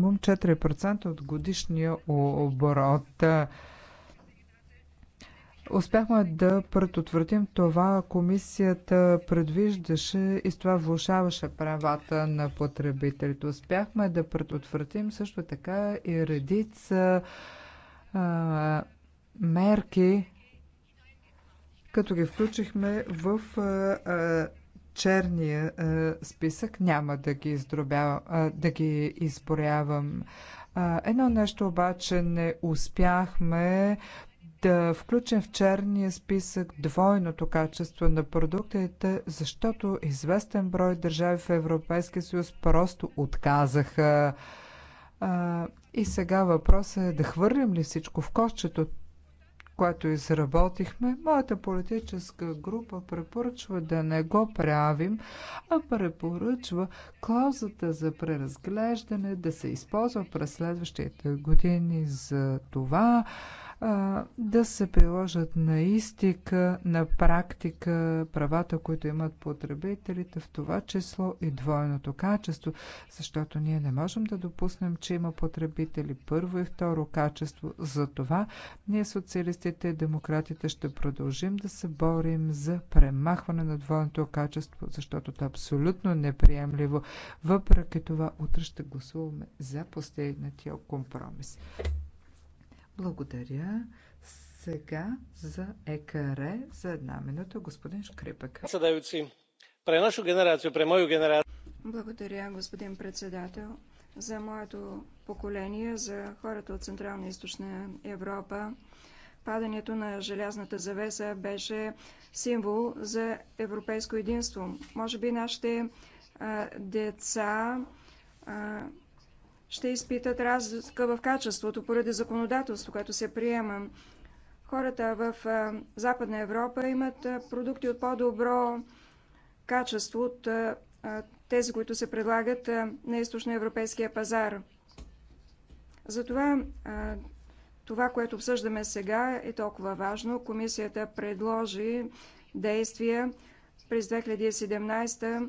минимум 4% от годишния оборот. Успяхме да предотвратим това. Комисията предвиждаше и с това влушаваше правата на потребителите. Успяхме да предотвратим също така и редица а, мерки, като ги включихме в а, черния е, списък. Няма да ги, а, е, да ги изборявам. Е, едно нещо обаче не успяхме да включим в черния списък двойното качество на продуктите, защото известен брой държави в Европейския съюз просто отказаха. А, и сега въпросът е да хвърлим ли всичко в кошчето? което изработихме, моята политическа група препоръчва да не го правим, а препоръчва клаузата за преразглеждане да се използва през следващите години за това, да се приложат на истика, на практика правата, които имат потребителите, в това число и двойното качество, защото ние не можем да допуснем, че има потребители първо и второ качество. За това ние социалистите и демократите ще продължим да се борим за премахване на двойното качество, защото е абсолютно неприемливо. Въпреки това, утре ще гласуваме за постигнатия компромис. Благодаря. Сега за ЕКР за една минута господин Шкрипък. Благодаря, господин председател. За моето поколение, за хората от Централна и Източна Европа, падането на желязната завеса беше символ за европейско единство. Може би нашите а, деца а, ще изпитат разлика в качеството поради законодателство, което се приема. Хората в Западна Европа имат продукти от по-добро качество от тези, които се предлагат на източноевропейския пазар. Затова това, което обсъждаме сега, е толкова важно. Комисията предложи действия през 2017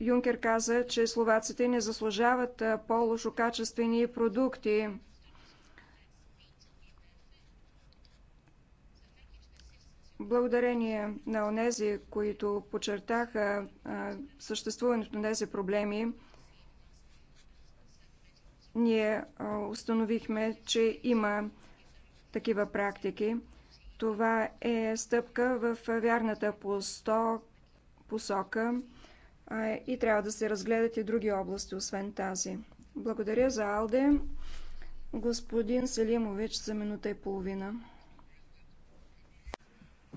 Юнкер каза, че словаците не заслужават по-лошокачествени продукти. Благодарение на онези, които подчертаха съществуването на тези проблеми, ние установихме, че има такива практики. Това е стъпка в вярната посока и трябва да се разгледат и други области, освен тази. Благодаря за Алде. Господин Селимович за минута и половина.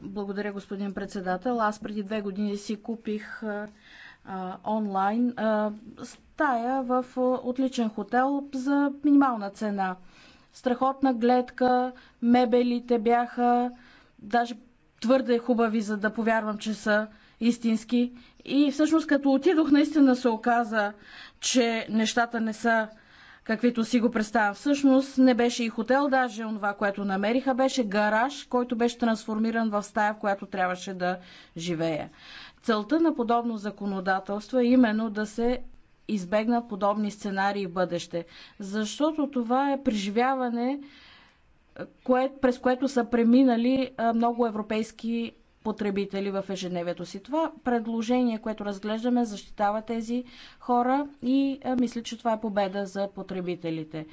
Благодаря, господин председател. Аз преди две години си купих а, онлайн а, стая в отличен хотел за минимална цена. Страхотна гледка, мебелите бяха даже твърде хубави, за да повярвам, че са истински. И всъщност като отидох, наистина се оказа, че нещата не са каквито си го представям. Всъщност не беше и хотел, даже това, което намериха, беше гараж, който беше трансформиран в стая, в която трябваше да живея. Целта на подобно законодателство е именно да се избегнат подобни сценарии в бъдеще. Защото това е преживяване, кое, през което са преминали много европейски потребители в ежедневието си. Това предложение, което разглеждаме, защитава тези хора и мисля, че това е победа за потребителите.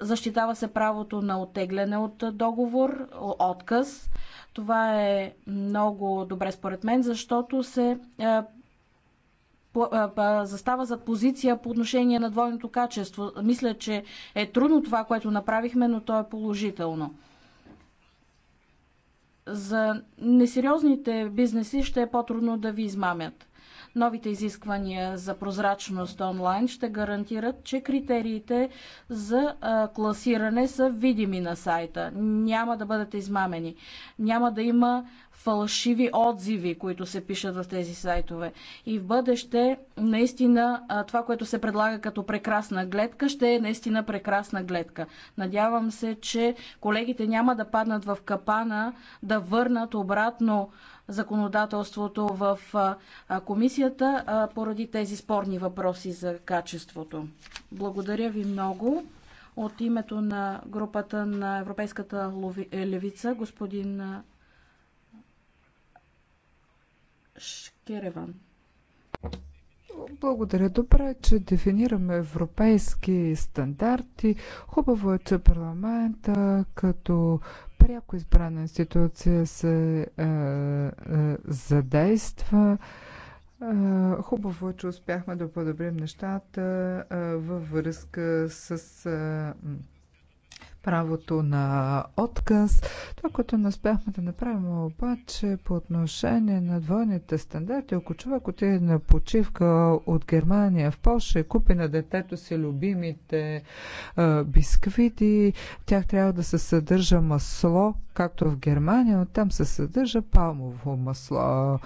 Защитава се правото на оттегляне от договор, отказ. Това е много добре според мен, защото се застава зад позиция по отношение на двойното качество. Мисля, че е трудно това, което направихме, но то е положително за несериозните бизнеси ще е по-трудно да ви измамят. Новите изисквания за прозрачност онлайн ще гарантират, че критериите за класиране са видими на сайта. Няма да бъдат измамени. Няма да има фалшиви отзиви, които се пишат в тези сайтове. И в бъдеще, наистина, това, което се предлага като прекрасна гледка, ще е наистина прекрасна гледка. Надявам се, че колегите няма да паднат в капана да върнат обратно законодателството в комисията поради тези спорни въпроси за качеството. Благодаря ви много. От името на групата на Европейската е, левица, господин Шкереван. Благодаря. Добре, че дефинираме европейски стандарти. Хубаво е, че парламента като пряко избрана институция се е, е, задейства. Е, хубаво е, че успяхме да подобрим нещата е, във връзка с е, правото на отказ. Това, което не успяхме да направим обаче по отношение на двойните стандарти, ако човек отиде на почивка от Германия в Польша и купи на детето си любимите а, бисквити, тях трябва да се съдържа масло, както в Германия, но там се съдържа палмово масло.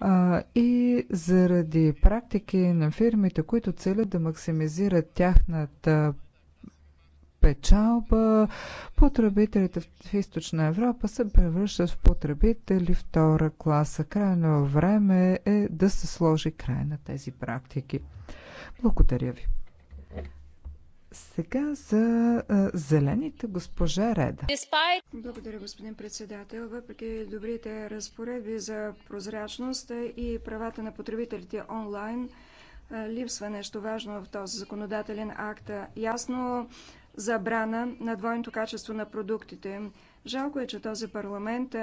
А, и заради практики на фирмите, които целят да максимизират тяхната печалба, потребителите в източна Европа се превръщат в потребители втора класа. Крайно време е да се сложи край на тези практики. Благодаря ви. Сега за а, зелените госпожа Реда. Благодаря, господин председател. Въпреки добрите разпоредби за прозрачност и правата на потребителите онлайн, липсва нещо важно в този законодателен акт. Ясно забрана на двойното качество на продуктите. Жалко е, че този парламент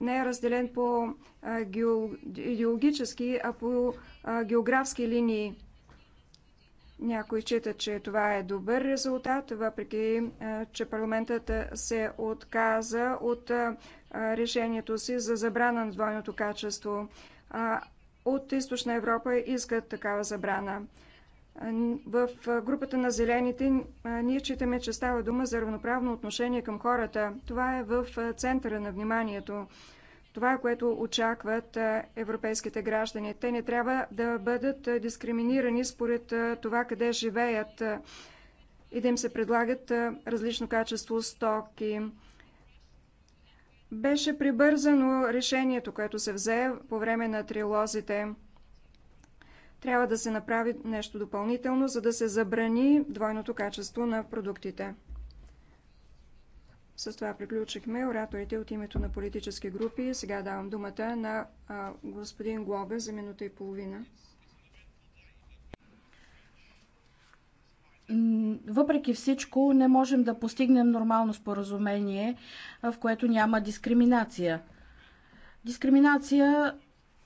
не е разделен по идеологически, а по географски линии. Някои считат, че това е добър резултат, въпреки че парламентът се отказа от решението си за забрана на двойното качество. От източна Европа искат такава забрана. В групата на зелените ние читаме, че става дума за равноправно отношение към хората. Това е в центъра на вниманието. Това е което очакват европейските граждани. Те не трябва да бъдат дискриминирани според това къде живеят и да им се предлагат различно качество стоки. Беше прибързано решението, което се взе по време на трилозите. Трябва да се направи нещо допълнително, за да се забрани двойното качество на продуктите. С това приключихме ораторите от името на политически групи. Сега давам думата на а, господин Глобе за минута и половина. въпреки всичко не можем да постигнем нормално споразумение, в което няма дискриминация. Дискриминация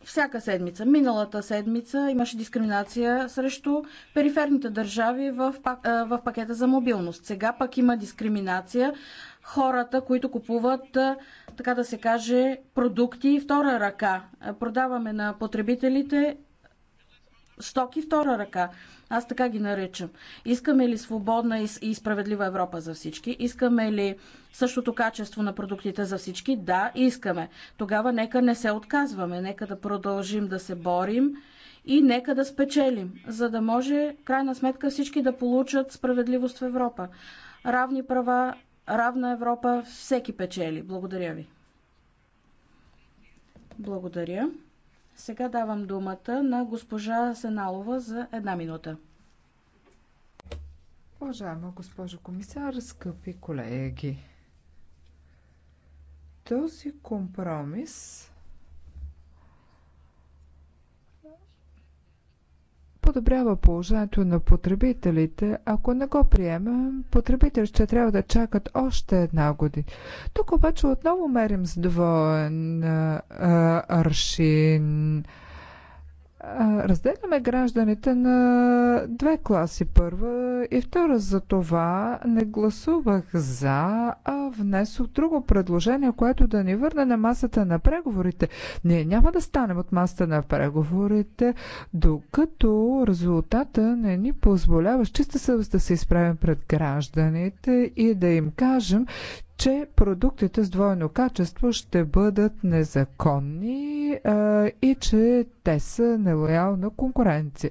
всяка седмица. Миналата седмица имаше дискриминация срещу периферните държави в, в пакета за мобилност. Сега пък има дискриминация хората, които купуват, така да се каже, продукти втора ръка. Продаваме на потребителите стоки втора ръка. Аз така ги наричам. Искаме ли свободна и справедлива Европа за всички? Искаме ли същото качество на продуктите за всички? Да, искаме. Тогава нека не се отказваме, нека да продължим да се борим и нека да спечелим, за да може крайна сметка всички да получат справедливост в Европа. Равни права, равна Европа, всеки печели. Благодаря ви. Благодаря. Сега давам думата на госпожа Сеналова за една минута. Уважаема госпожо комисар, скъпи колеги, този компромис подобрява положението на потребителите. Ако не го приемем, потребителите ще трябва да чакат още една година. Тук обаче отново мерим с двоен аршин разделяме гражданите на две класи. Първа и втора. За това не гласувах за, а внесох друго предложение, което да ни върне на масата на преговорите. Ние няма да станем от масата на преговорите, докато резултата не ни позволява с чиста съвест да се изправим пред гражданите и да им кажем, че продуктите с двойно качество ще бъдат незаконни а, и че те са нелоялна конкуренция.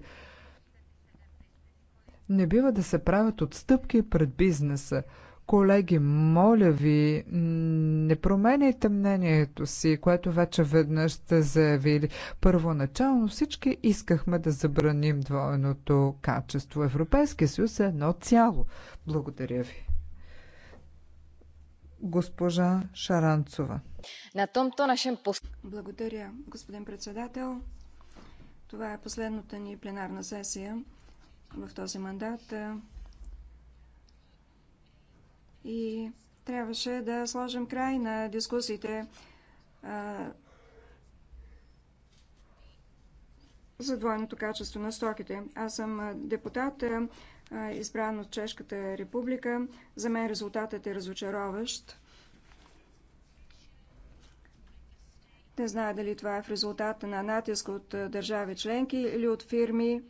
Не бива да се правят отстъпки пред бизнеса. Колеги, моля ви, не променяйте мнението си, което вече веднъж сте заявили. Първоначално всички искахме да забраним двойното качество. Европейския съюз е едно цяло. Благодаря ви госпожа Шаранцова. На томто нашем пост... Благодаря, господин председател. Това е последната ни пленарна сесия в този мандат. И трябваше да сложим край на дискусиите за двойното качество на стоките. Аз съм депутат избран от Чешката република. За мен резултатът е разочароващ. Не знае дали това е в резултат на натиск от държави членки или от фирми,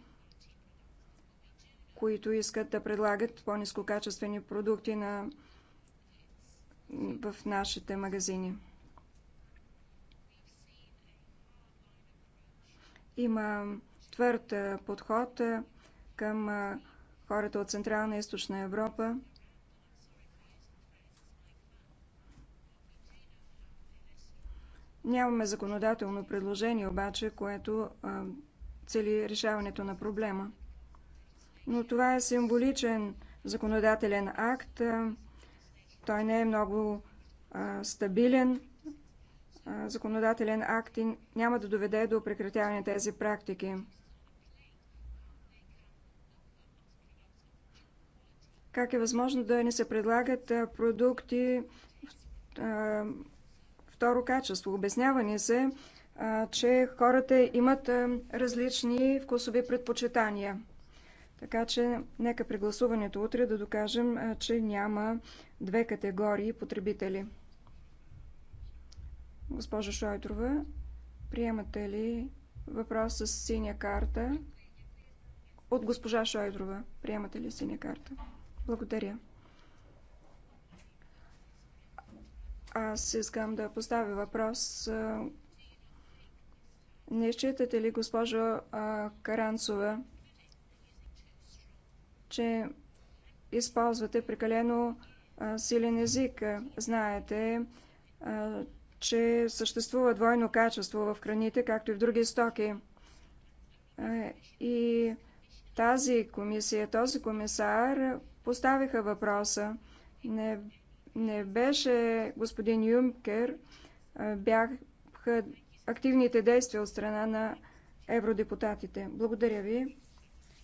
които искат да предлагат по-низкокачествени продукти на... в нашите магазини. Има твърд подход към хората от Централна и Източна Европа. Нямаме законодателно предложение, обаче, което а, цели решаването на проблема. Но това е символичен законодателен акт. А, той не е много а, стабилен а, законодателен акт и няма да доведе до прекратяване тези практики. Как е възможно да ни се предлагат продукти второ качество? Обяснява ни се, че хората имат различни вкусови предпочитания. Така че нека при гласуването утре да докажем, че няма две категории потребители. Госпожа Шойтрова, приемате ли въпрос с синя карта? От госпожа Шойдрова, приемате ли синя карта? Благодаря. Аз искам да поставя въпрос. Не считате ли, госпожо Каранцова, че използвате прекалено силен език? Знаете, че съществува двойно качество в храните, както и в други стоки. И тази комисия, този комисар поставиха въпроса. Не, не беше господин Юнкер, бяха активните действия от страна на евродепутатите. Благодаря ви.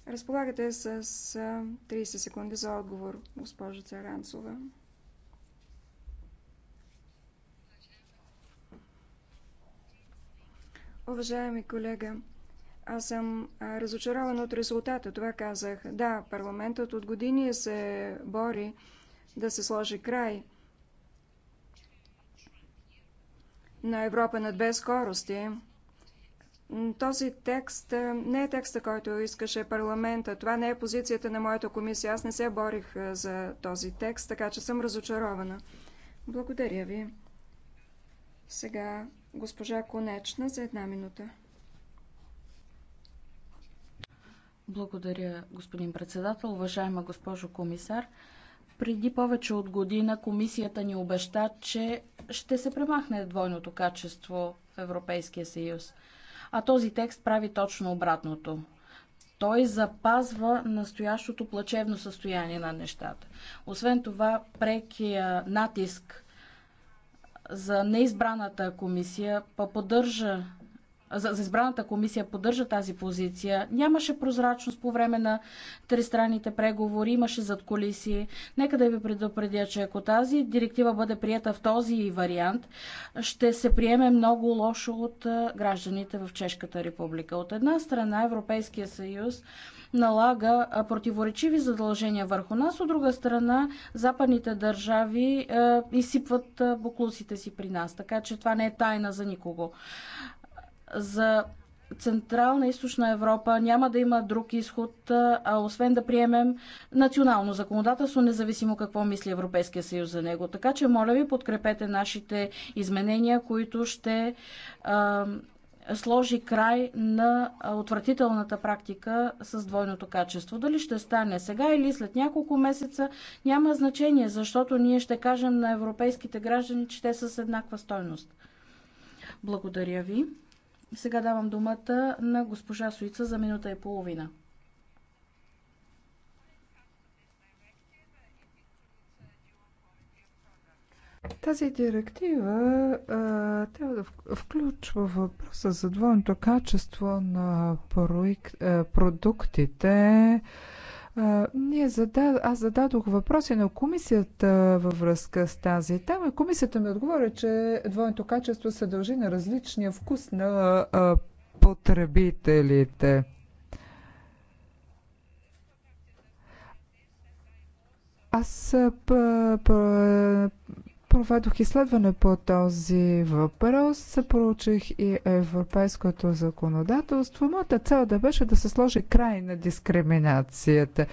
Разполагате с 30 секунди за отговор, госпожа Царанцова. Уважаеми колега, аз съм разочарован от резултата, това казах. Да, парламентът от години се бори да се сложи край на Европа на две скорости. Този текст не е текста, който искаше парламента. Това не е позицията на моята комисия. Аз не се борих за този текст, така че съм разочарована. Благодаря ви. Сега госпожа Конечна за една минута. Благодаря, господин председател. Уважаема госпожо комисар, преди повече от година комисията ни обеща, че ще се премахне двойното качество в Европейския съюз. А този текст прави точно обратното. Той запазва настоящото плачевно състояние на нещата. Освен това, прекия натиск за неизбраната комисия поддържа за, за избраната комисия поддържа тази позиция. Нямаше прозрачност по време на тристранните преговори, имаше зад колиси. Нека да ви предупредя, че ако тази директива бъде прията в този вариант, ще се приеме много лошо от гражданите в Чешката република. От една страна Европейския съюз налага противоречиви задължения върху нас, от друга страна западните държави е, изсипват буклусите си при нас, така че това не е тайна за никого за Централна и Източна Европа няма да има друг изход, а освен да приемем национално законодателство, независимо какво мисли Европейския съюз за него. Така че, моля ви, подкрепете нашите изменения, които ще а, сложи край на отвратителната практика с двойното качество. Дали ще стане сега или след няколко месеца, няма значение, защото ние ще кажем на европейските граждани, че те са с еднаква стойност. Благодаря ви. Сега давам думата на госпожа Суица за минута и половина. Тази директива а, трябва да включва въпроса за двойното качество на проект, а, продуктите. А, ние задад, аз зададох въпроси на комисията във връзка с тази тема. Комисията ми отговори, че двойното качество се дължи на различния вкус на а, потребителите. Аз Проведох изследване по този въпрос, проучих и европейското законодателство. Моята цел да беше да се сложи край на дискриминацията.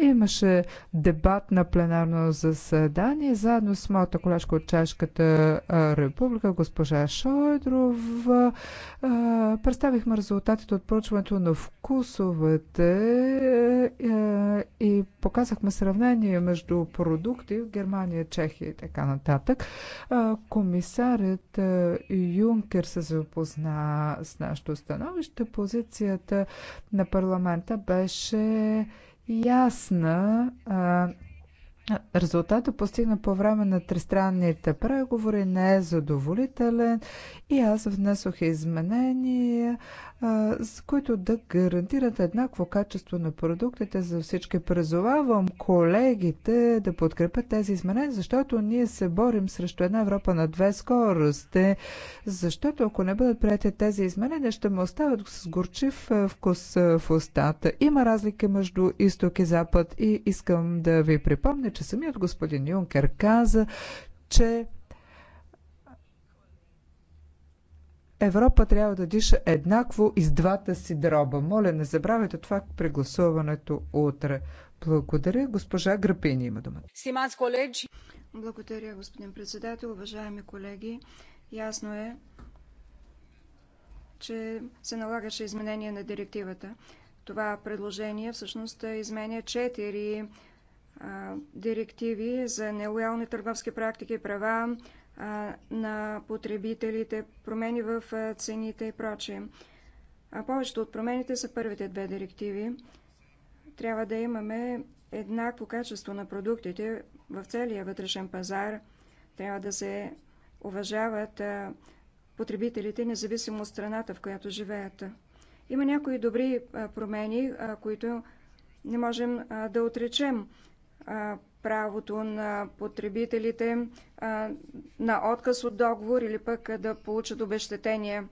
Имаше дебат на пленарно заседание заедно с моята колежка от Чешката република, госпожа Шойдрова. Представихме резултатите от проучването на вкусовете и показахме сравнение между продукти в Германия, Чехия и така нататък нататък. Комисарят Юнкер се запозна с нашето становище. Позицията на парламента беше ясна. Резултата постигна по време на тристранните преговори не е задоволителен и аз внесох изменения с които да гарантират еднакво качество на продуктите за всички. Призовавам колегите да подкрепят тези изменения, защото ние се борим срещу една Европа на две скорости, защото ако не бъдат прияти тези изменения, ще му остават с горчив вкус в устата. Има разлика между изток и запад и искам да ви припомня, че самият господин Юнкер каза, че Европа трябва да диша еднакво из двата си дроба. Моля, не забравяйте това при гласуването утре. Благодаря. Госпожа Грапини има думата. Симанс колеги. Благодаря, господин председател. Уважаеми колеги, ясно е, че се налагаше изменение на директивата. Това предложение всъщност изменя четири директиви за нелоялни търговски практики, права, на потребителите, промени в цените и прочее. А повечето от промените са първите две директиви. Трябва да имаме еднакво качество на продуктите в целия вътрешен пазар. Трябва да се уважават потребителите, независимо от страната, в която живеят. Има някои добри промени, които не можем да отречем правото на потребителите на отказ от договор или пък да получат обещетение.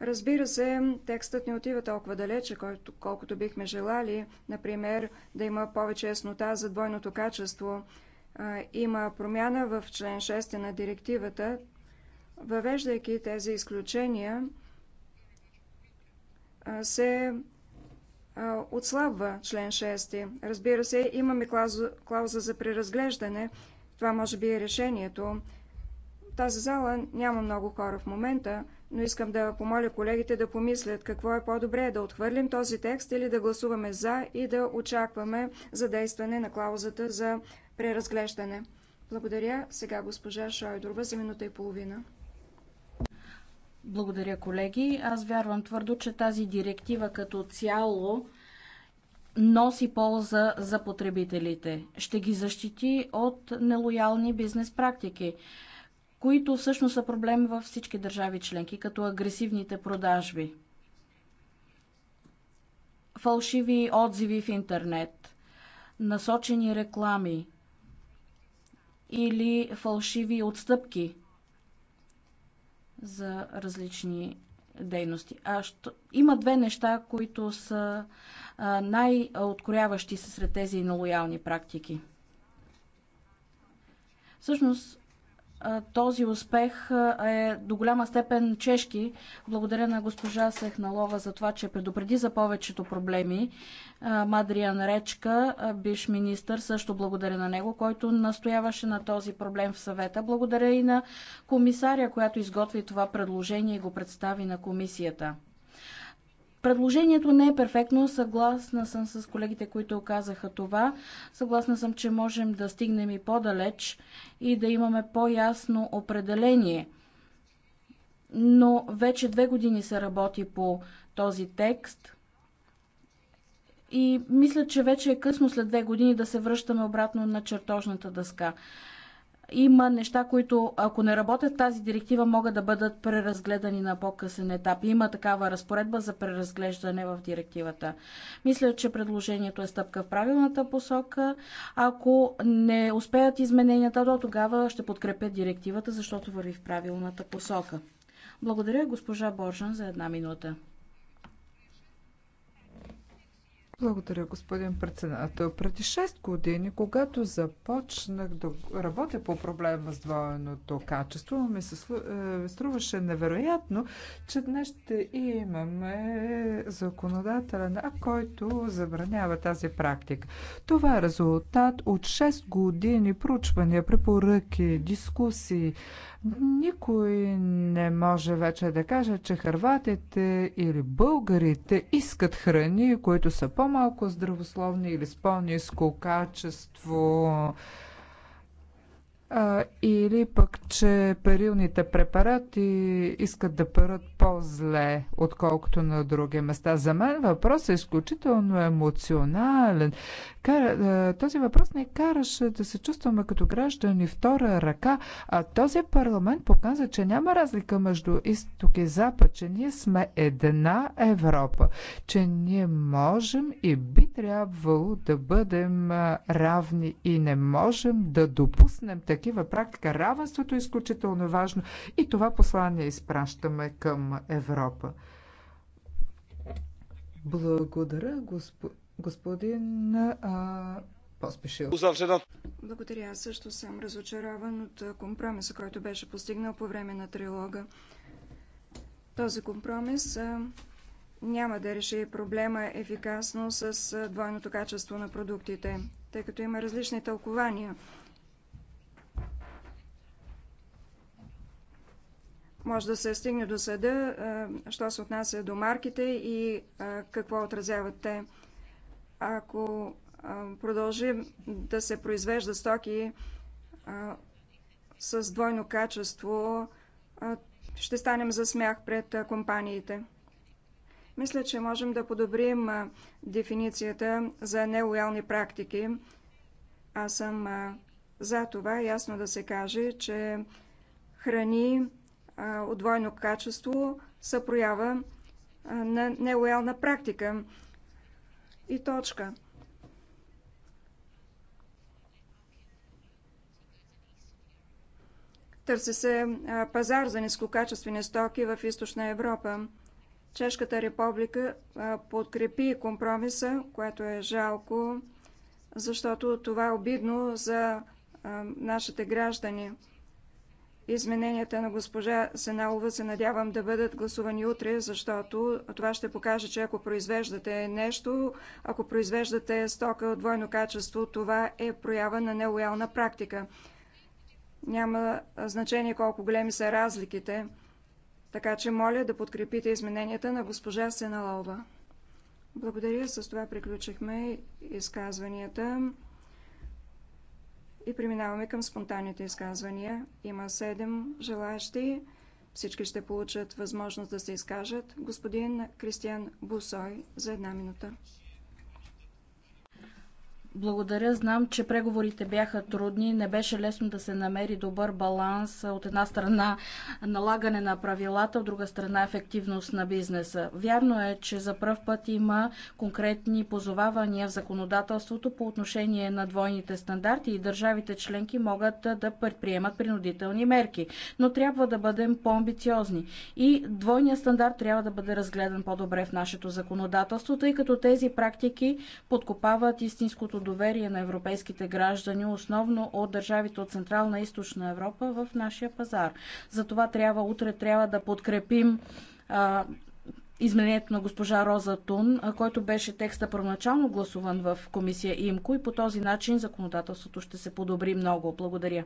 Разбира се, текстът не отива толкова далече, колкото бихме желали, например, да има повече яснота за двойното качество. Има промяна в член 6 на директивата, въвеждайки тези изключения, се отслабва член 6. Разбира се, имаме клауза, клауза за преразглеждане. Това може би е решението. В тази зала няма много хора в момента, но искам да помоля колегите да помислят какво е по-добре да отхвърлим този текст или да гласуваме за и да очакваме задействане на клаузата за преразглеждане. Благодаря. Сега госпожа Шойдрова за минута и половина. Благодаря, колеги. Аз вярвам твърдо, че тази директива като цяло носи полза за потребителите. Ще ги защити от нелоялни бизнес практики, които всъщност са проблем във всички държави членки, като агресивните продажби, фалшиви отзиви в интернет, насочени реклами или фалшиви отстъпки за различни дейности. А що... Има две неща, които са най-откоряващи се сред тези нелоялни практики. Всъщност, този успех е до голяма степен чешки. Благодаря на госпожа Сехналова за това, че предупреди за повечето проблеми. Мадриан Речка, биш министър, също благодаря на него, който настояваше на този проблем в съвета. Благодаря и на комисаря, която изготви това предложение и го представи на комисията. Предложението не е перфектно, съгласна съм с колегите, които казаха това. Съгласна съм, че можем да стигнем и по-далеч и да имаме по-ясно определение. Но вече две години се работи по този текст и мисля, че вече е късно след две години да се връщаме обратно на чертожната дъска. Има неща, които ако не работят тази директива, могат да бъдат преразгледани на по-късен етап. Има такава разпоредба за преразглеждане в директивата. Мисля, че предложението е стъпка в правилната посока. Ако не успеят измененията, до тогава ще подкрепят директивата, защото върви в правилната посока. Благодаря госпожа Боржан за една минута. Благодаря, господин председател. Преди 6 години, когато започнах да работя по проблема с двойното качество, ми се е, струваше невероятно, че днес ще имаме законодателен акт, който забранява тази практика. Това е резултат от 6 години проучвания, препоръки, дискусии. Никой не може вече да каже, че хърватите или българите искат храни, които са по по-малко здравословни или с по-низко качество или пък, че перилните препарати искат да парат по-зле, отколкото на други места. За мен въпрос е изключително емоционален. Е, този въпрос не караше да се чувстваме като граждани втора ръка, а този парламент показа, че няма разлика между изток и запад, че ние сме една Европа, че ние можем и би трябвало да бъдем е, равни и не можем да допуснем такива практика. Равенството е изключително важно и това послание изпращаме към голяма Европа. Благодаря, господин а, Поспешил. Благодаря. Аз също съм разочарован от компромиса, който беше постигнал по време на трилога. Този компромис а, няма да реши проблема ефикасно с двойното качество на продуктите, тъй като има различни тълкования може да се стигне до съда, що се отнася до марките и какво отразяват те. Ако продължим да се произвежда стоки с двойно качество, ще станем за смях пред компаниите. Мисля, че можем да подобрим дефиницията за нелоялни практики. Аз съм за това ясно да се каже, че храни от двойно качество са проява на нелоялна практика. И точка. Търси се пазар за нискокачествени стоки в източна Европа. Чешката република подкрепи компромиса, което е жалко, защото това е обидно за нашите граждани. Измененията на госпожа Сеналова се надявам да бъдат гласувани утре, защото това ще покаже, че ако произвеждате нещо, ако произвеждате стока от двойно качество, това е проява на нелоялна практика. Няма значение колко големи са разликите, така че моля да подкрепите измененията на госпожа Сеналова. Благодаря, с това приключихме изказванията. И преминаваме към спонтанните изказвания. Има седем желаящи. Всички ще получат възможност да се изкажат. Господин Кристиан Бусой за една минута. Благодаря. Знам, че преговорите бяха трудни. Не беше лесно да се намери добър баланс. От една страна налагане на правилата, от друга страна ефективност на бизнеса. Вярно е, че за пръв път има конкретни позовавания в законодателството по отношение на двойните стандарти и държавите членки могат да предприемат принудителни мерки. Но трябва да бъдем по-амбициозни. И двойният стандарт трябва да бъде разгледан по-добре в нашето законодателство, тъй като тези практики подкопават истинското доверие на европейските граждани, основно от държавите от Централна и Източна Европа в нашия пазар. Затова трябва утре трябва да подкрепим а, изменението на госпожа Роза Тун, който беше текста първоначално гласуван в комисия ИМКО и по този начин законодателството ще се подобри много. Благодаря.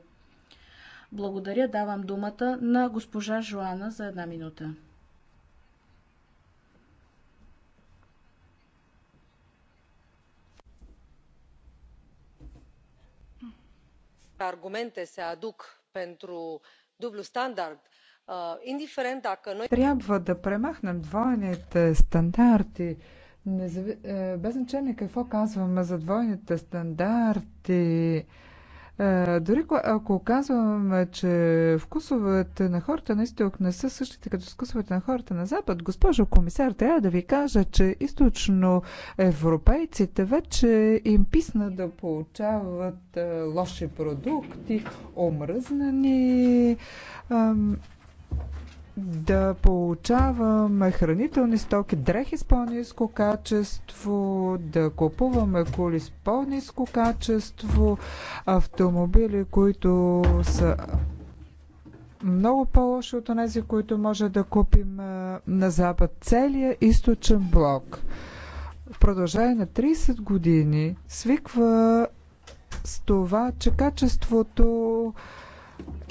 Благодаря. Давам думата на госпожа Жоана за една минута. argumente se aduc pentru dublul standard, uh, indiferent dacă noi... trebuie să премахнем двойните стандарти, е, без значение какво казваме за двойните стандарти е, дори ако казваме, че вкусовете на хората на изток не са същите като вкусовете на хората на запад, госпожо комисар, трябва да ви кажа, че източно европейците вече им писна да получават е, лоши продукти, омръзнани. Ам да получаваме хранителни стоки, дрехи с по-низко качество, да купуваме коли с по-низко качество, автомобили, които са много по-лоши от тези, които може да купим на Запад. Целият източен блок в продължение на 30 години свиква с това, че качеството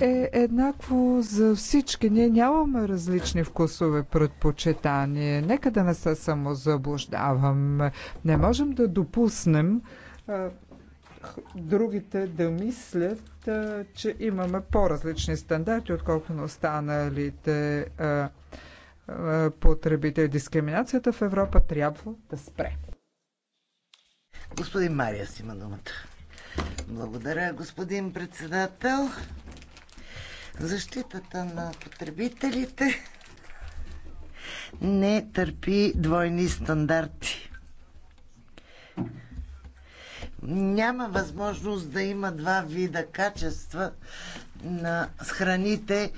е еднакво за всички. Ние нямаме различни вкусове предпочитания. Нека да не се самозаблуждаваме. Не можем да допуснем другите да мислят, че имаме по-различни стандарти, отколкото на останалите потребители. Дискриминацията в Европа трябва да спре. Господин Мария си има думата. Благодаря, господин председател. Защитата на потребителите не търпи двойни стандарти. Няма възможност да има два вида качества на храните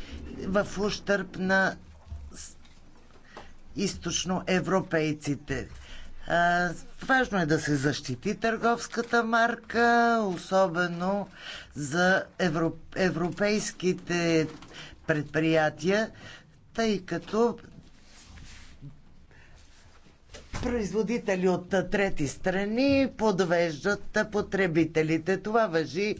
в ущърп на източноевропейците. Важно е да се защити търговската марка, особено за европейските предприятия, тъй като производители от трети страни подвеждат потребителите. Това въжи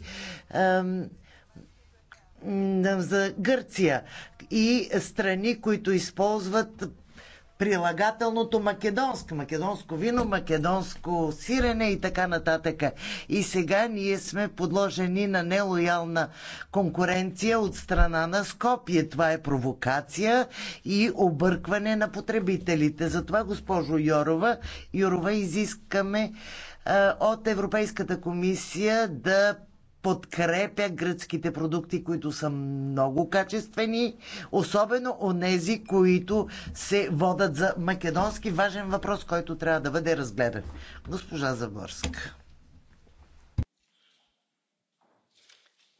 за Гърция и страни, които използват прилагателното македонско, македонско вино, македонско сирене и така нататък. И сега ние сме подложени на нелоялна конкуренция от страна на Скопие. Това е провокация и объркване на потребителите. Затова, госпожо Йорова, Йорова изискаме от Европейската комисия да подкрепя гръцките продукти, които са много качествени, особено онези, които се водат за македонски. Важен въпрос, който трябва да бъде разгледан. Госпожа Заборска.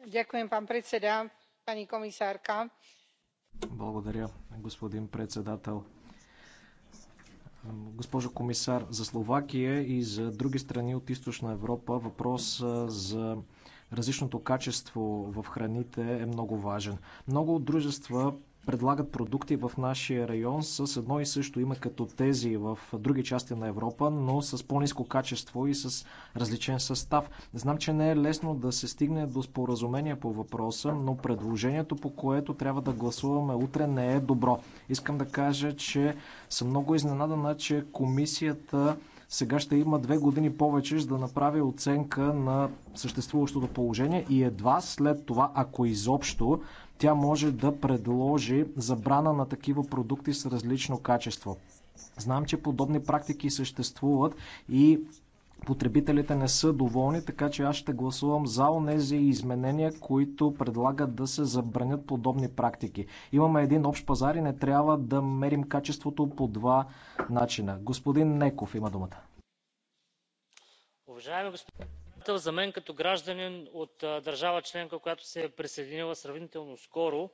Дякуем, пан председа, пани комисарка. Благодаря, господин председател. Госпожо комисар, за Словакия и за други страни от Източна Европа въпрос за различното качество в храните е много важен. Много от дружества предлагат продукти в нашия район с едно и също име като тези в други части на Европа, но с по-низко качество и с различен състав. Знам, че не е лесно да се стигне до споразумение по въпроса, но предложението, по което трябва да гласуваме утре, не е добро. Искам да кажа, че съм много изненадана, че комисията сега ще има две години повече, за да направи оценка на съществуващото положение и едва след това, ако изобщо, тя може да предложи забрана на такива продукти с различно качество. Знам, че подобни практики съществуват и потребителите не са доволни, така че аз ще гласувам за онези изменения, които предлагат да се забранят подобни практики. Имаме един общ пазар и не трябва да мерим качеството по два начина. Господин Неков има думата. Уважаеми господин председател, за мен като гражданин от държава членка, която се е присъединила сравнително скоро,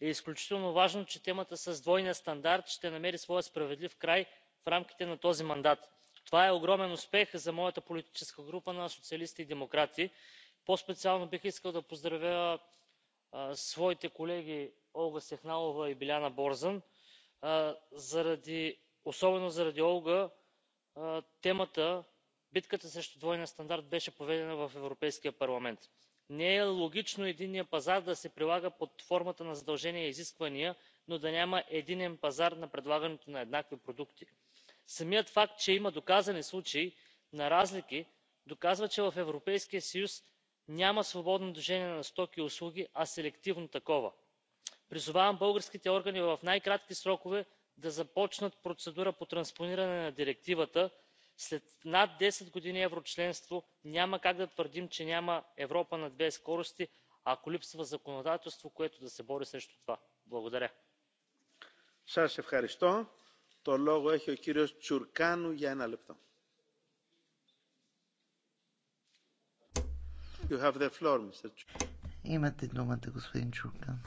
е изключително важно, че темата с двойния стандарт ще намери своя справедлив край в рамките на този мандат това е огромен успех за моята политическа група на социалисти и демократи. по специално бих искал да поздравя своите колеги олга сехналова и биляна борзан. особено заради олга темата битката срещу двойния стандарт беше поведена в европейския парламент. не е логично единният пазар да се прилага под формата на задължения и изисквания но да няма единен пазар на предлагането на еднакви продукти самият факт че има доказани случаи на разлики доказва че в европейския съюз няма свободно движение на стоки и услуги а селективно такова. призовавам българските органи в най кратки срокове да започнат процедура по транспониране на директивата. след над десет години еврочленство няма как да твърдим че няма европа на две скорости ако липсва законодателство което да се бори срещу това. благодаря. Το λόγο έχει ο κύριος Τσουρκάνου για ένα λεπτό. You have the floor, Mr. думата, господин Чуркан.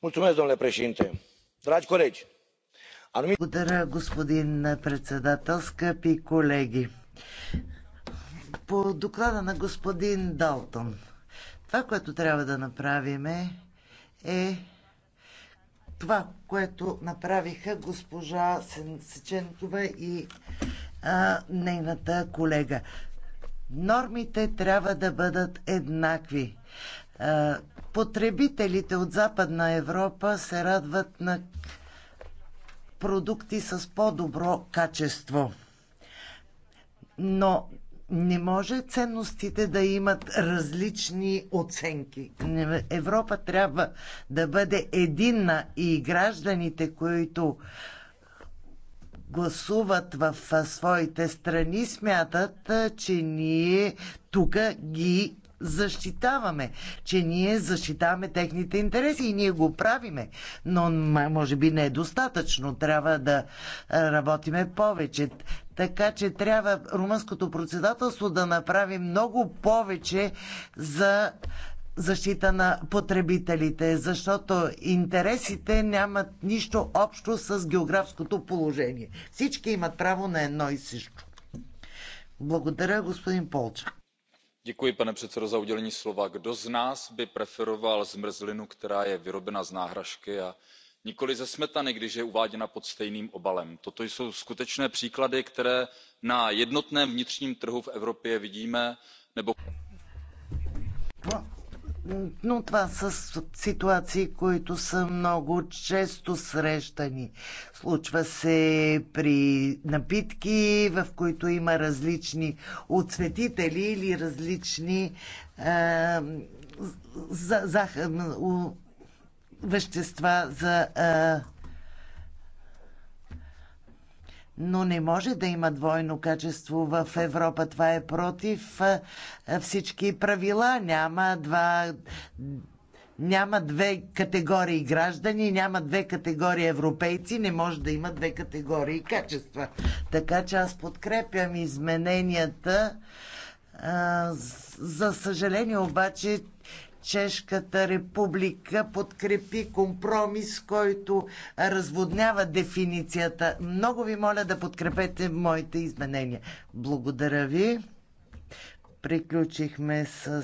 Mulțumesc, domnule președinte. Dragi colegi, anumite... Благодаря, господин председател, скъпи колеги. По доклада на господин Далтон, това, което трябва да направим е това, което направиха госпожа Сеченкова и а, нейната колега. Нормите трябва да бъдат еднакви. А, потребителите от Западна Европа се радват на продукти с по-добро качество. Но не може ценностите да имат различни оценки. Европа трябва да бъде единна и гражданите, които гласуват в своите страни, смятат, че ние тук ги защитаваме, че ние защитаваме техните интереси и ние го правиме. Но може би не е достатъчно. Трябва да работиме повече. Така че трябва румънското председателство да направи много повече за защита на потребителите, защото интересите нямат нищо общо с географското положение. Всички имат право на едно и също. Благодаря, господин Полчак pane předsedající kdo z nás by preferoval zmrzlinu která je vyrobena z náhražky a nikoli ze smetany když je uváděna pod stejným obalem? toto jsou skutečné příklady které na jednotném vnitřním trhu v evropě vidíme nebo но това са ситуации, които са много често срещани. Случва се при напитки, в които има различни отцветители или различни а, за, за, вещества за а, но не може да има двойно качество в Европа. Това е против всички правила. Няма два няма две категории граждани, няма две категории европейци, не може да има две категории качества. Така че аз подкрепям измененията. За съжаление обаче Чешката република подкрепи компромис, който разводнява дефиницията. Много ви моля да подкрепете моите изменения. Благодаря ви. Приключихме с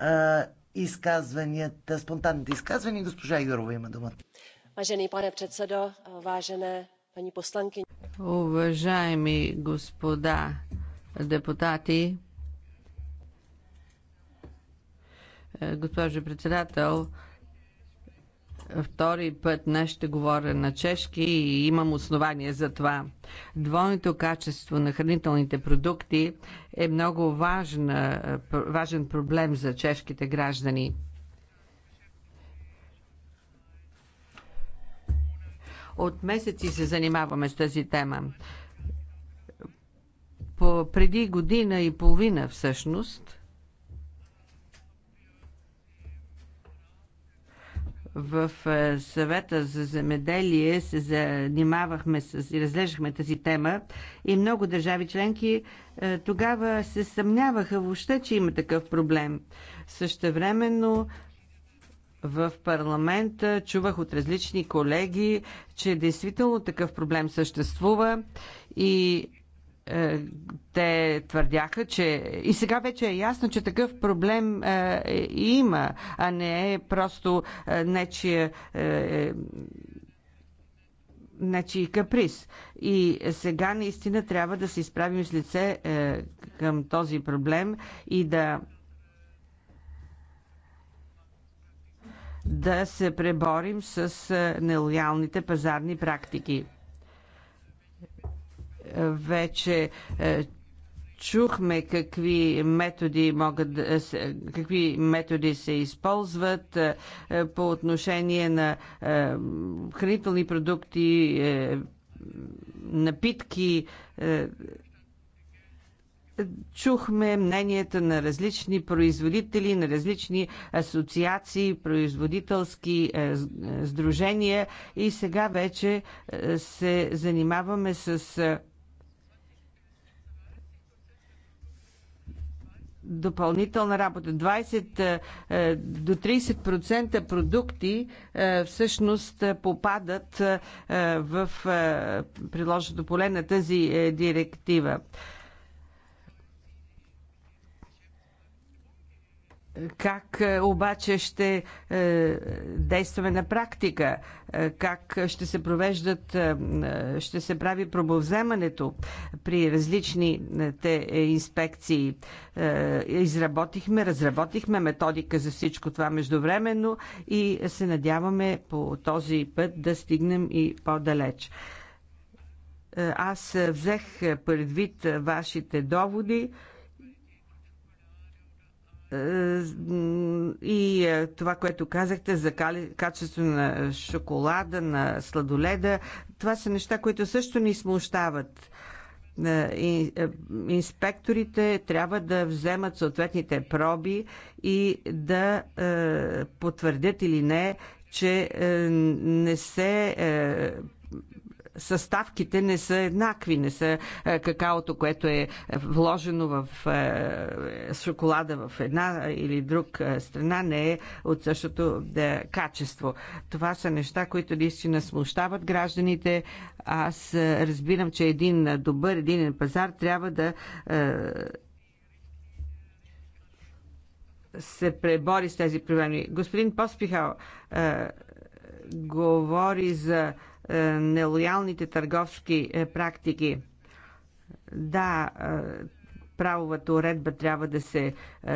а, изказванията, спонтанните изказвания. Госпожа Юрова има думата. Важени пане председо, важене пани посланки. Уважаеми господа депутати, Е, госпожо председател, втори път днес ще говоря на чешки и имам основание за това. Двойното качество на хранителните продукти е много важен, важен проблем за чешките граждани. От месеци се занимаваме с тази тема. По, преди година и половина всъщност – в е, съвета за земеделие се занимавахме с и разглеждахме тази тема и много държави членки е, тогава се съмняваха въобще, че има такъв проблем. Същевременно в парламента чувах от различни колеги, че действително такъв проблем съществува и е, те твърдяха, че и сега вече е ясно, че такъв проблем е, има, а не е просто е, нечия е, е нечи каприз. И сега наистина трябва да се изправим с лице е, към този проблем и да да се преборим с е, нелоялните пазарни практики вече е, чухме какви методи могат какви методи се използват е, по отношение на е, хранителни продукти, напитки. Чухме мненията на различни производители, на различни асоциации, производителски сдружения и сега вече се занимаваме с допълнителна работа. 20 е, е, до 30% продукти е, всъщност попадат в приложното поле на тази директива. Как е, обаче ще е, действаме на практика? Е, как ще се провеждат, ще се прави пробовземането при различните инспекции? Изработихме, разработихме методика за всичко това междувременно и се надяваме по този път да стигнем и по-далеч. Аз взех предвид вашите доводи. Е, и е, това, което казахте за качество на шоколада, на сладоледа, това са неща, които също ни смущават. Е, инспекторите трябва да вземат съответните проби и да потвърдят или не, че не се съставките не са еднакви, не са е, какаото, което е вложено в е, е, шоколада в една или друг страна, не е от същото качество. Това са неща, които наистина смущават гражданите. Аз разбирам, че един добър един пазар трябва да се пребори с тези проблеми. Господин Поспихал говори за е, нелоялните търговски е, практики. Да, е, правовата уредба трябва да се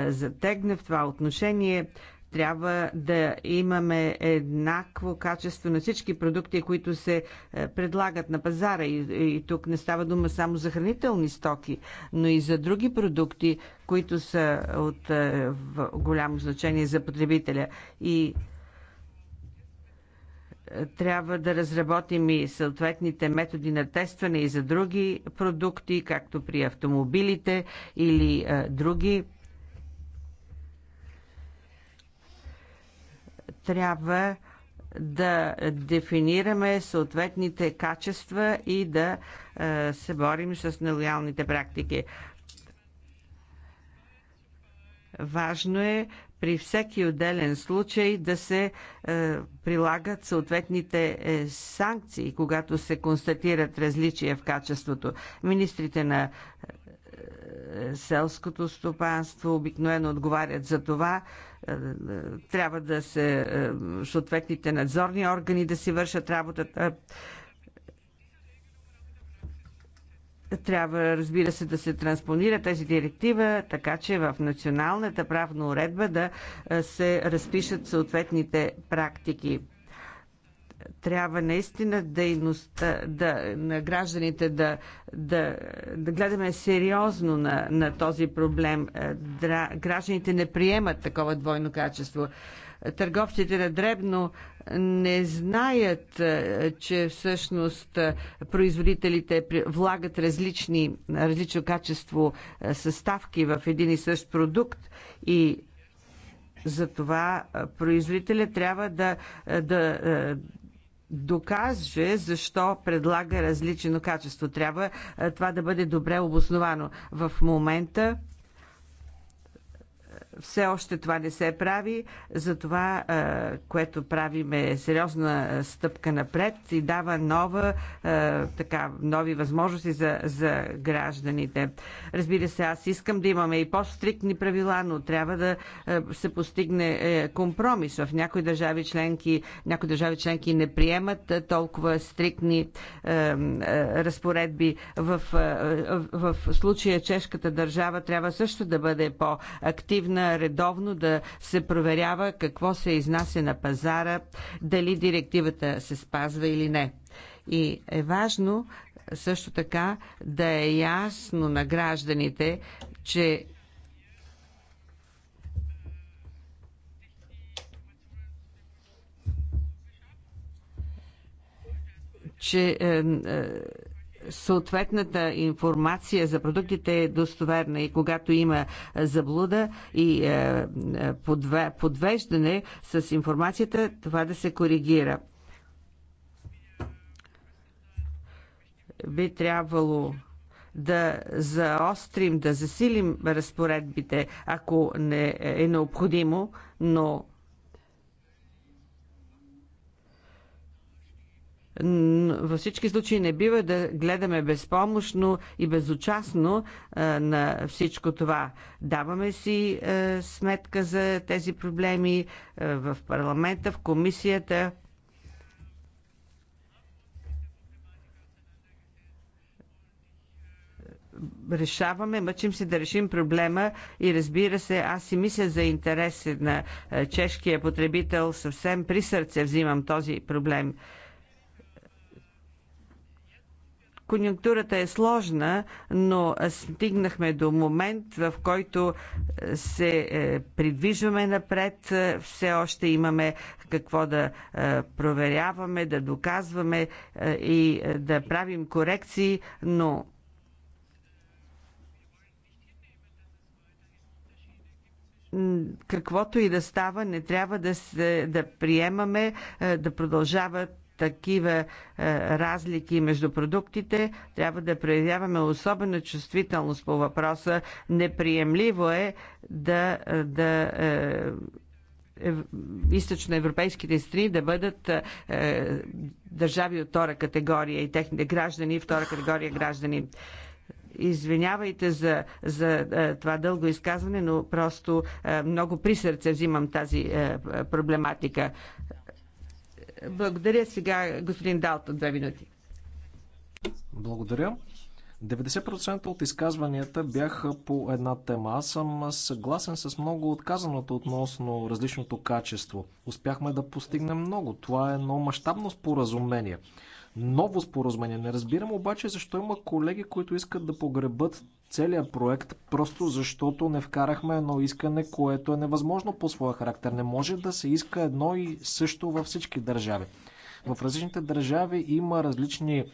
затегне в това отношение. Трябва да имаме еднакво качество на всички продукти, които се предлагат на пазара. И, и тук не става дума само за хранителни стоки, но и за други продукти, които са от голямо значение за потребителя. И трябва да разработим и съответните методи на тестване и за други продукти, както при автомобилите или други трябва да дефинираме съответните качества и да се борим с нелоялните практики. Важно е при всеки отделен случай да се е, прилагат съответните е, санкции, когато се констатират различия в качеството. Министрите на е, селското стопанство обикновено отговарят за това. Е, е, трябва да се съответните надзорни органи да си вършат работата. трябва, разбира се, да се транспонира тази директива, така че в националната правна уредба да се разпишат съответните практики. Трябва наистина дейността да, на гражданите да, да, да гледаме сериозно на, на този проблем. Е, дра, гражданите не приемат такова двойно качество. Търговците на дребно не знаят, е, че всъщност е, производителите влагат различни, различно качество е, съставки в един и същ продукт и затова производителя трябва да, да докаже защо предлага различно качество. Трябва това да бъде добре обосновано. В момента все още това не се прави, затова, е, което правим е сериозна стъпка напред и дава нова, е, така, нови възможности за, за гражданите. Разбира се, аз искам да имаме и по-стриктни правила, но трябва да е, се постигне компромис. В някои държави членки, някои държави членки не приемат толкова стриктни разпоредби. В, в, в случая чешката държава трябва също да бъде по-активна редовно да се проверява какво се изнася на пазара, дали директивата се спазва или не. И е важно също така да е ясно на гражданите, че че е, е, съответната информация за продуктите е достоверна и когато има заблуда и е, е, подвеждане с информацията, това да се коригира. Би трябвало да заострим, да засилим разпоредбите, ако не е, е необходимо, но Във всички случаи не бива да гледаме безпомощно и безучастно е, на всичко това. Даваме си е, сметка за тези проблеми е, в парламента, в комисията. решаваме, мъчим се да решим проблема и разбира се, аз си мисля за интереси на чешкия потребител, съвсем при сърце взимам този проблем. Конюнктурата е сложна, но стигнахме до момент, в който се е, придвижваме напред. Все още имаме какво да е, проверяваме, да доказваме е, и да правим корекции, но каквото и да става, не трябва да, се, да приемаме да продължават такива е, разлики между продуктите, трябва да проявяваме особена чувствителност по въпроса. Неприемливо е да, да е, източноевропейските страни да бъдат е, държави от втора категория и техните граждани, втора категория граждани. Извинявайте за, за е, това дълго изказване, но просто е, много при сърце взимам тази е, проблематика. Благодаря сега, господин Далтон, две минути. Благодаря. 90% от изказванията бяха по една тема. Аз съм съгласен с много отказаното относно различното качество. Успяхме да постигнем много. Това е едно мащабно споразумение ново споразумение. Не разбирам обаче защо има колеги, които искат да погребат целият проект, просто защото не вкарахме едно искане, което е невъзможно по своя характер. Не може да се иска едно и също във всички държави. В различните държави има различни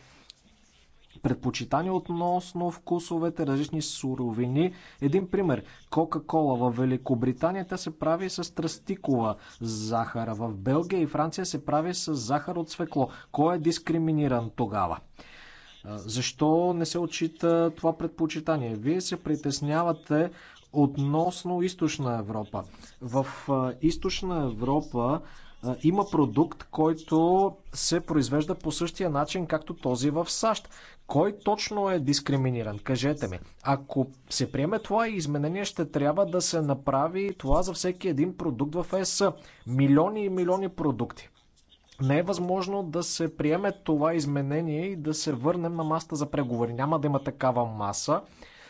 предпочитания относно вкусовете, различни суровини. Един пример – Кока-кола. В Великобритания тя се прави с тръстикова захара. В Белгия и Франция се прави с захар от свекло. Кой е дискриминиран тогава? Защо не се отчита това предпочитание? Вие се притеснявате относно източна Европа. В източна Европа има продукт, който се произвежда по същия начин, както този в САЩ. Кой точно е дискриминиран? Кажете ми. Ако се приеме това изменение, ще трябва да се направи това за всеки един продукт в ЕС. Милиони и милиони продукти. Не е възможно да се приеме това изменение и да се върнем на масата за преговори. Няма да има такава маса.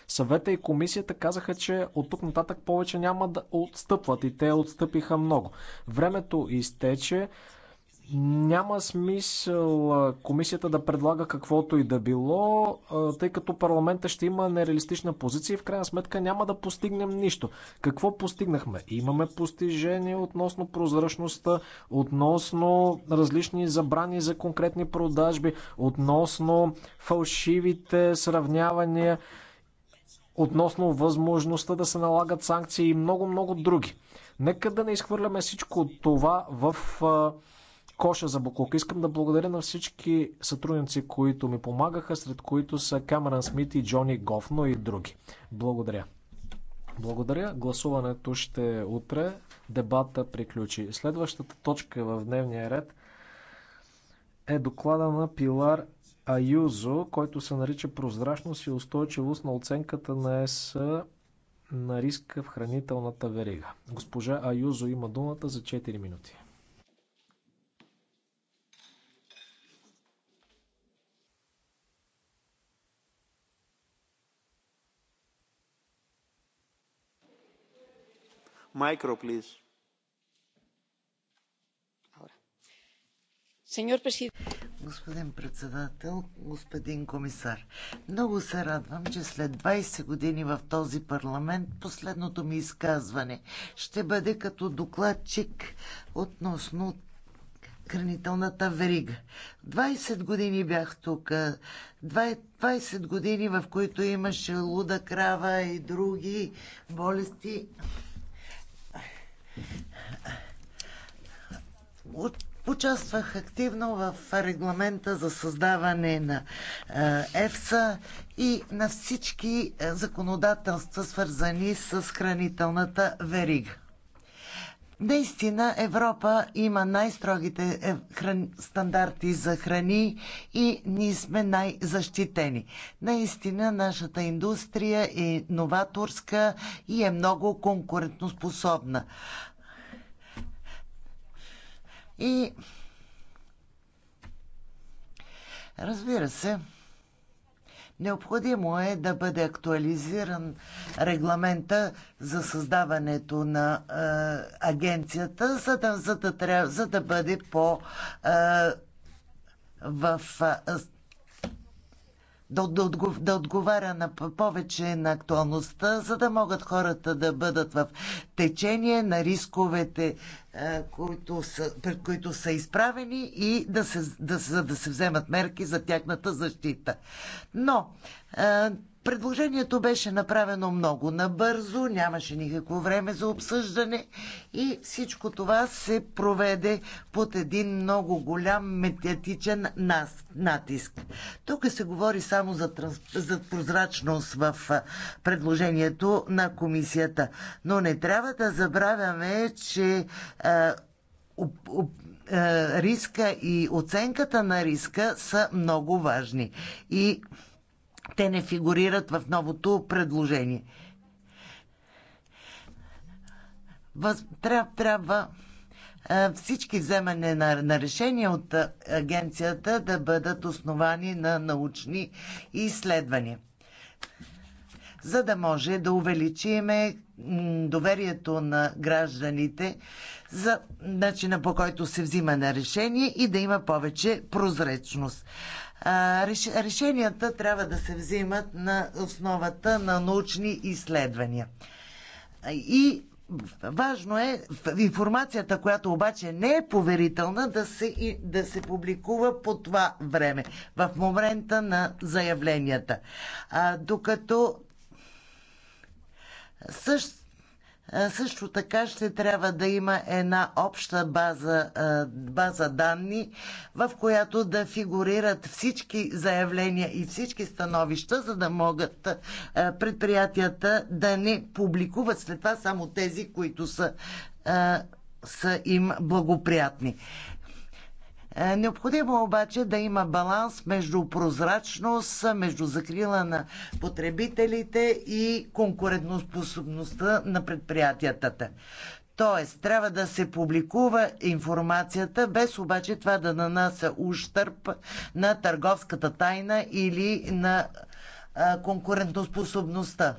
Съвета и комисията казаха, че от тук нататък повече няма да отстъпват и те отстъпиха много. Времето изтече. Няма смисъл комисията да предлага каквото и да било, тъй като парламента ще има нереалистична позиция и в крайна сметка няма да постигнем нищо. Какво постигнахме? Имаме постижение относно прозрачността, относно различни забрани за конкретни продажби, относно фалшивите сравнявания относно възможността да се налагат санкции и много-много други. Нека да не изхвърляме всичко от това в коша за буклук. Искам да благодаря на всички сътрудници, които ми помагаха, сред които са Камеран Смит и Джони Гофно и други. Благодаря. Благодаря. Гласуването ще е утре. Дебата приключи. Следващата точка в дневния ред е доклада на Пилар Аюзо, който се нарича прозрачност и устойчивост на оценката на ЕС на риска в хранителната верига. Госпожа Аюзо има думата за 4 минути. Micro, please. Господин председател, господин комисар, много се радвам, че след 20 години в този парламент последното ми изказване ще бъде като докладчик относно хранителната верига. 20 години бях тук. 20 години, в които имаше луда крава и други болести. От Участвах активно в регламента за създаване на е, ЕФСА и на всички е, законодателства, свързани с хранителната верига. Наистина Европа има най-строгите е, стандарти за храни и ние сме най-защитени. Наистина нашата индустрия е новаторска и е много конкурентоспособна. И разбира се, Необходимо е да бъде актуализиран регламента за създаването на е, агенцията, за да, за да, трябва, за да бъде по е, в е, да, да, да отговаря на повече на актуалността, за да могат хората да бъдат в течение на рисковете, е, които са, пред които са изправени и да се, да, за да се вземат мерки за тяхната защита. Но е, Предложението беше направено много набързо, нямаше никакво време за обсъждане и всичко това се проведе под един много голям медиатичен натиск. Тук се говори само за, транс... за прозрачност в предложението на комисията, но не трябва да забравяме, че риска и оценката на риска са много важни. И те не фигурират в новото предложение. Въз, трябва, трябва е, всички вземане на, на решения от агенцията да бъдат основани на научни изследвания, за да може да увеличиме доверието на гражданите за начина по който се взима на решение и да има повече прозрачност решенията трябва да се взимат на основата на научни изследвания. И Важно е информацията, която обаче не е поверителна, да се, да се публикува по това време, в момента на заявленията. А, докато също също така ще трябва да има една обща база, база данни, в която да фигурират всички заявления и всички становища, за да могат предприятията да не публикуват след това само тези, които са, са им благоприятни. Е, необходимо е обаче да има баланс между прозрачност, между закрила на потребителите и конкурентоспособността на предприятията. Тоест, трябва да се публикува информацията, без обаче това да нанася ущърп на търговската тайна или на конкурентоспособността.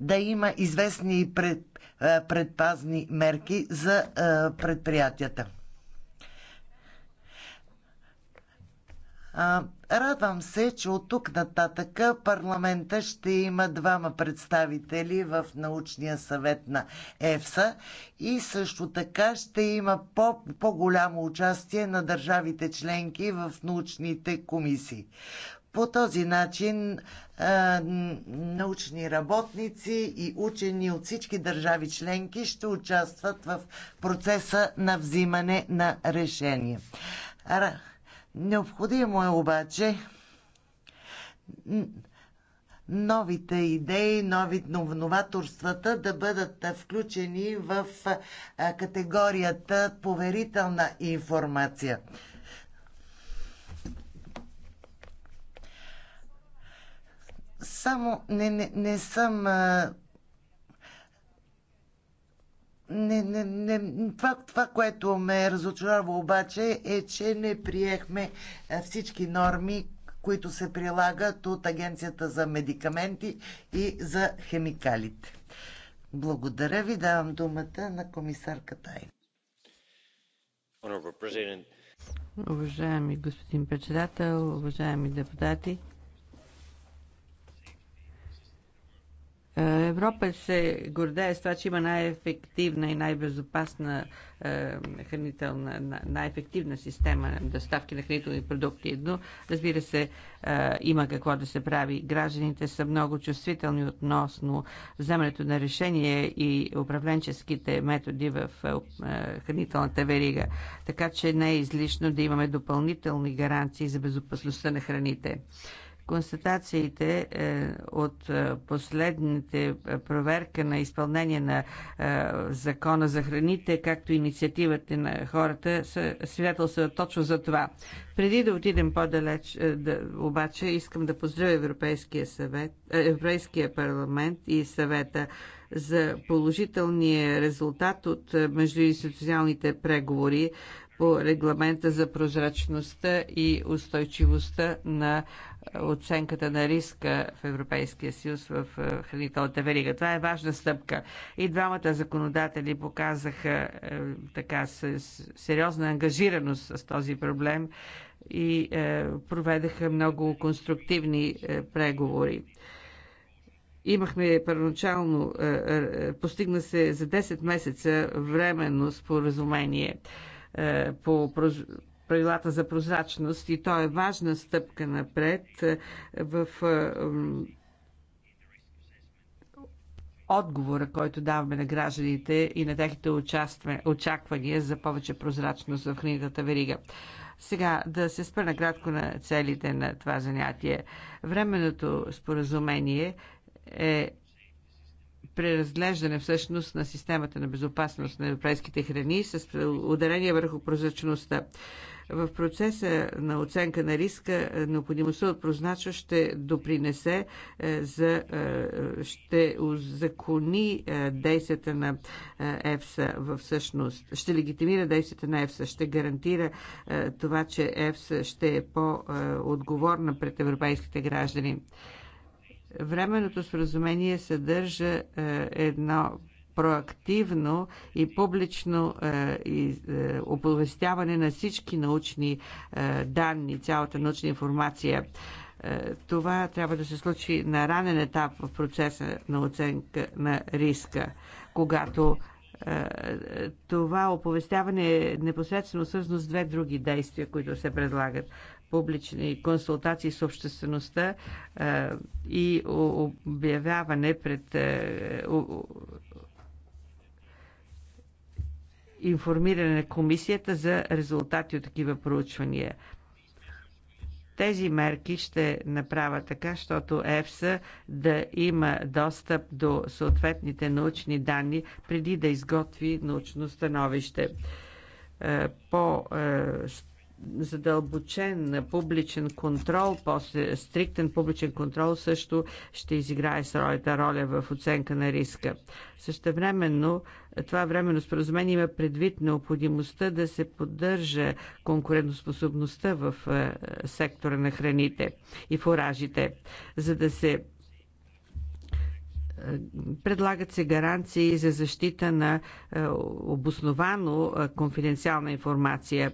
Да има известни пред е, предпазни мерки за е, предприятията. Радвам се, че от тук нататък парламента ще има двама представители в научния съвет на ЕФСА и също така ще има по- по-голямо участие на държавите членки в научните комисии. По този начин научни работници и учени от всички държави членки ще участват в процеса на взимане на решение. Необходимо е обаче новите идеи, нови новаторствата да бъдат включени в категорията поверителна информация. само не, не, не съм. А, не, не, не, това, това, което ме разочарова обаче е, че не приехме всички норми, които се прилагат от Агенцията за медикаменти и за химикалите. Благодаря ви, давам думата на комисар Катай. Уважаеми господин председател, уважаеми депутати, Е, Европа се гордее с това, че има най-ефективна и най-безопасна е, хранителна, най-ефективна система на доставки на хранителни продукти. Но, разбира се, е, има какво да се прави. Гражданите са много чувствителни относно вземането на решение и управленческите методи в хранителната верига. Така че не е излишно да имаме допълнителни гаранции за безопасността на храните. Констатациите е, от е, последните е, проверка на изпълнение на закона за храните, както инициативата на хората, свидетелстват точно за това. Преди да отидем по-далеч, да, обаче, искам да поздравя Европейския, съвет, Европейския парламент и съвета за положителния резултат от междуинституционалните преговори по регламента за прозрачността и устойчивостта на оценката на риска в Европейския съюз в хранителната верига. Това е важна стъпка. И двамата законодатели показаха така с, сериозна ангажираност с този проблем и проведаха много конструктивни преговори. Имахме първоначално, постигна се за 10 месеца временно споразумение. Е, по правилата за прозрачност и то е важна стъпка напред е, в е, отговора, който даваме на гражданите и на техните очаквания за повече прозрачност в хранителната верига. Сега да се спра накратко на целите на това занятие. Временното споразумение е преразглеждане всъщност на системата на безопасност на европейските храни с ударение върху прозрачността. В процеса на оценка на риска е, необходимостта от прозначо ще допринесе е, за е, ще закони действията на ЕФСА в същност. Ще легитимира действията на ЕФСА, ще гарантира това, че ЕФСА ще е по-отговорна пред европейските граждани. Временното споразумение съдържа е, едно проактивно и публично е, и, е, оповестяване на всички научни е, данни, цялата научна информация. Е, това трябва да се случи на ранен етап в процеса на оценка на риска, когато е, това оповестяване е непосредствено свързано с две други действия, които се предлагат публични консултации с обществеността и обявяване пред информиране на комисията за резултати от такива проучвания. Тези мерки ще направят така, защото ЕФСА да има достъп до съответните научни данни преди да изготви научно становище. По задълбочен публичен контрол, после стриктен публичен контрол също ще изиграе своята роля в оценка на риска. Същевременно това временно споразумение има предвид необходимостта да се поддържа конкурентоспособността в е, сектора на храните и фуражите, за да се Предлагат се гаранции за защита на е, обосновано е, конфиденциална информация.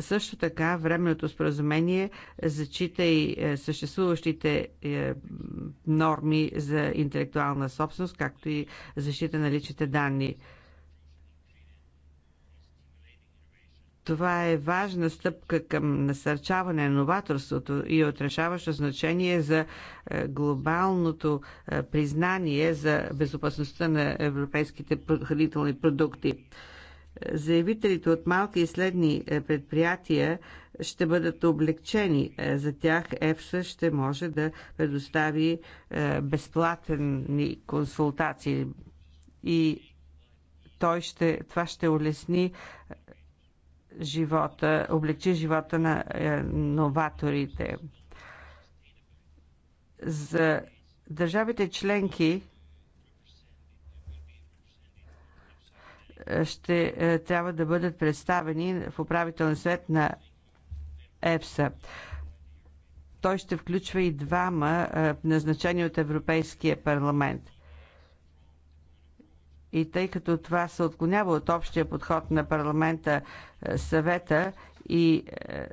Също така, временното споразумение зачита и е, съществуващите норми за интелектуална собственост, както и защита на личните данни. Това е важна стъпка към насърчаване на новаторството и е отрешаващо значение за е, глобалното е, признание за безопасността на европейските хранителни продукти. Заявителите от малки и следни предприятия ще бъдат облегчени. За тях ЕФСА ще може да предостави безплатни консултации и той ще, това ще улесни живота, облегчи живота на е, новаторите. За държавите членки е, ще е, трябва да бъдат представени в управителен свет на ЕФСА. Той ще включва и двама назначени от Европейския парламент. И тъй като това се отклонява от общия подход на парламента, е, съвета и е,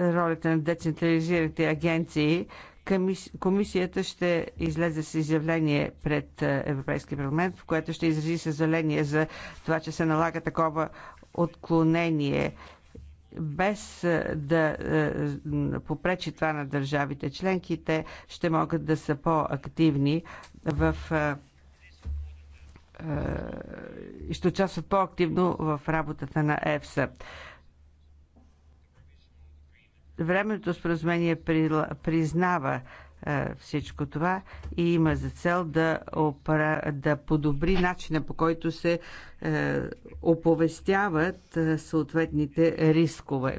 ролята на децентрализираните агенции, комисията ще излезе с изявление пред е, Европейския парламент, в което ще изрази съжаление за това, че се налага такова отклонение без да попречи това на държавите членки, те ще могат да са по-активни в е, и ще участва по-активно в работата на ЕФСА. Временното споразумение признава е, всичко това и има за цел да, опра... да подобри начина по който се е, оповестяват съответните рискове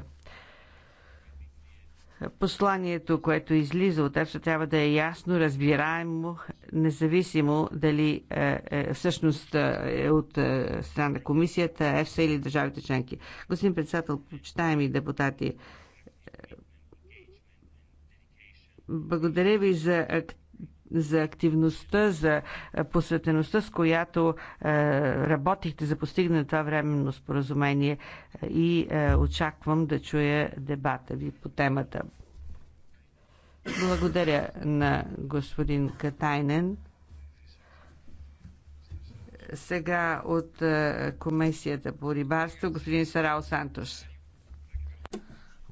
посланието, което излиза от теб, трябва да е ясно, разбираемо, независимо дали е, е, всъщност е, е от е, страна на комисията, ЕФСА или държавите членки. Господин председател, почитаеми депутати, е, благодаря ви за активността за активността, за е, посветеността, с която е, работихте за постигане на това временно споразумение е, и очаквам да чуя дебата ви по темата. Благодаря на господин Катайнен. Сега от Комисията по рибарство господин Сарао Сантош.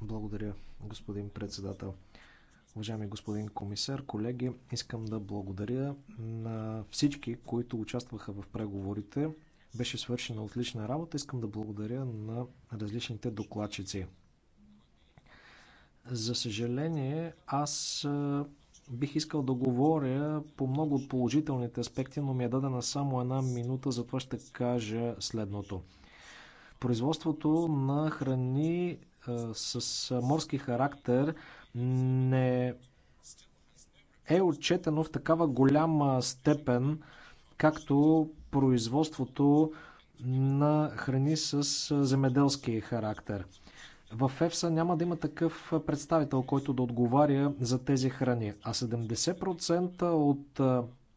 Благодаря, господин председател. Уважаеми господин комисар, колеги, искам да благодаря на всички, които участваха в преговорите. Беше свършена отлична работа. Искам да благодаря на различните докладчици. За съжаление, аз бих искал да говоря по много от положителните аспекти, но ми е дадена само една минута, затова ще кажа следното. Производството на храни с морски характер не е отчетено в такава голяма степен, както производството на храни с земеделски характер. В ЕФСА няма да има такъв представител, който да отговаря за тези храни. А 70% от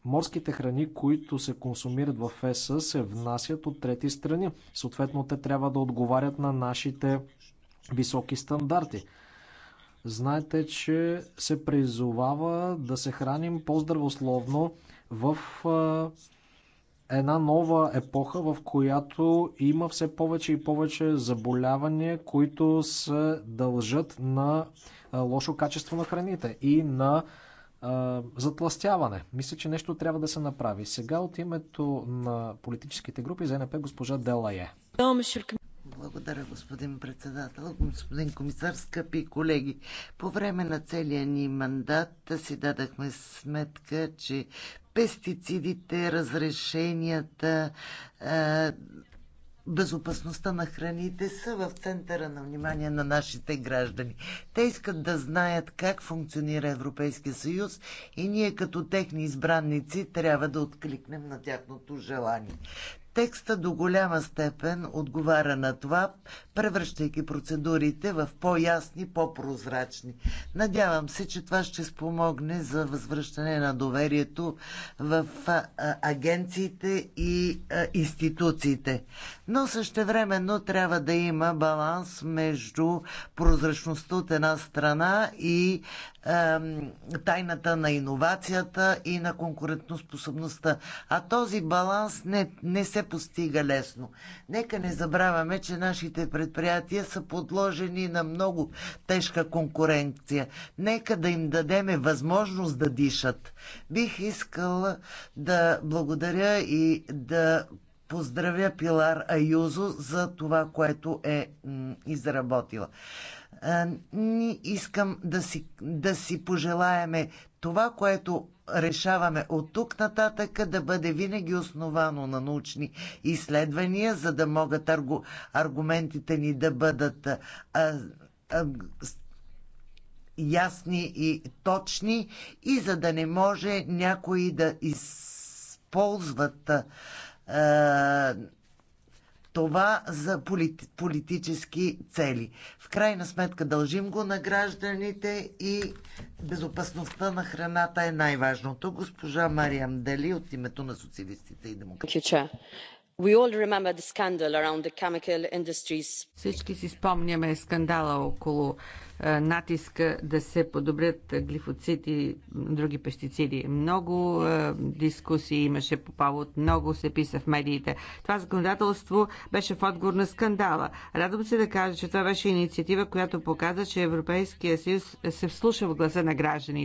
морските храни, които се консумират в ЕСА, се внасят от трети страни. Съответно, те трябва да отговарят на нашите високи стандарти. Знаете, че се призовава да се храним по-здравословно в една нова епоха, в която има все повече и повече заболявания, които се дължат на лошо качество на храните и на затластяване. Мисля, че нещо трябва да се направи. Сега от името на политическите групи за НП госпожа Делае. Благодаря, господин председател, господин комисар, скъпи колеги. По време на целия ни мандат си дадахме сметка, че пестицидите, разрешенията, е, безопасността на храните са в центъра на внимание на нашите граждани. Те искат да знаят как функционира Европейския съюз и ние като техни избранници трябва да откликнем на тяхното желание. Текста до голяма степен отговаря на това, превръщайки процедурите в по-ясни, по-прозрачни. Надявам се, че това ще спомогне за възвръщане на доверието в агенциите и институциите. Но същевременно трябва да има баланс между прозрачността от една страна и тайната на иновацията и на конкурентоспособността. А този баланс не, не се се постига лесно. Нека не забравяме, че нашите предприятия са подложени на много тежка конкуренция. Нека да им дадеме възможност да дишат. Бих искала да благодаря и да поздравя Пилар Аюзо за това, което е изработила ни искам да си, да си пожелаеме това, което решаваме от тук нататък да бъде винаги основано на научни изследвания, за да могат аргу, аргументите ни да бъдат а, а, ясни и точни и за да не може някои да използват а, това за полит, политически цели. В крайна сметка дължим го на гражданите и безопасността на храната е най-важното. Госпожа Мария Дели от името на социалистите и демократите. Всички си спомняме скандала около е, натиска да се подобрят глифоцити и други пестициди. Много е, дискусии имаше по повод, много се писа в медиите. Това законодателство беше в отговор на скандала. Радвам се да кажа, че това беше инициатива, която показа, че Европейския съюз се вслуша в гласа на гражданите.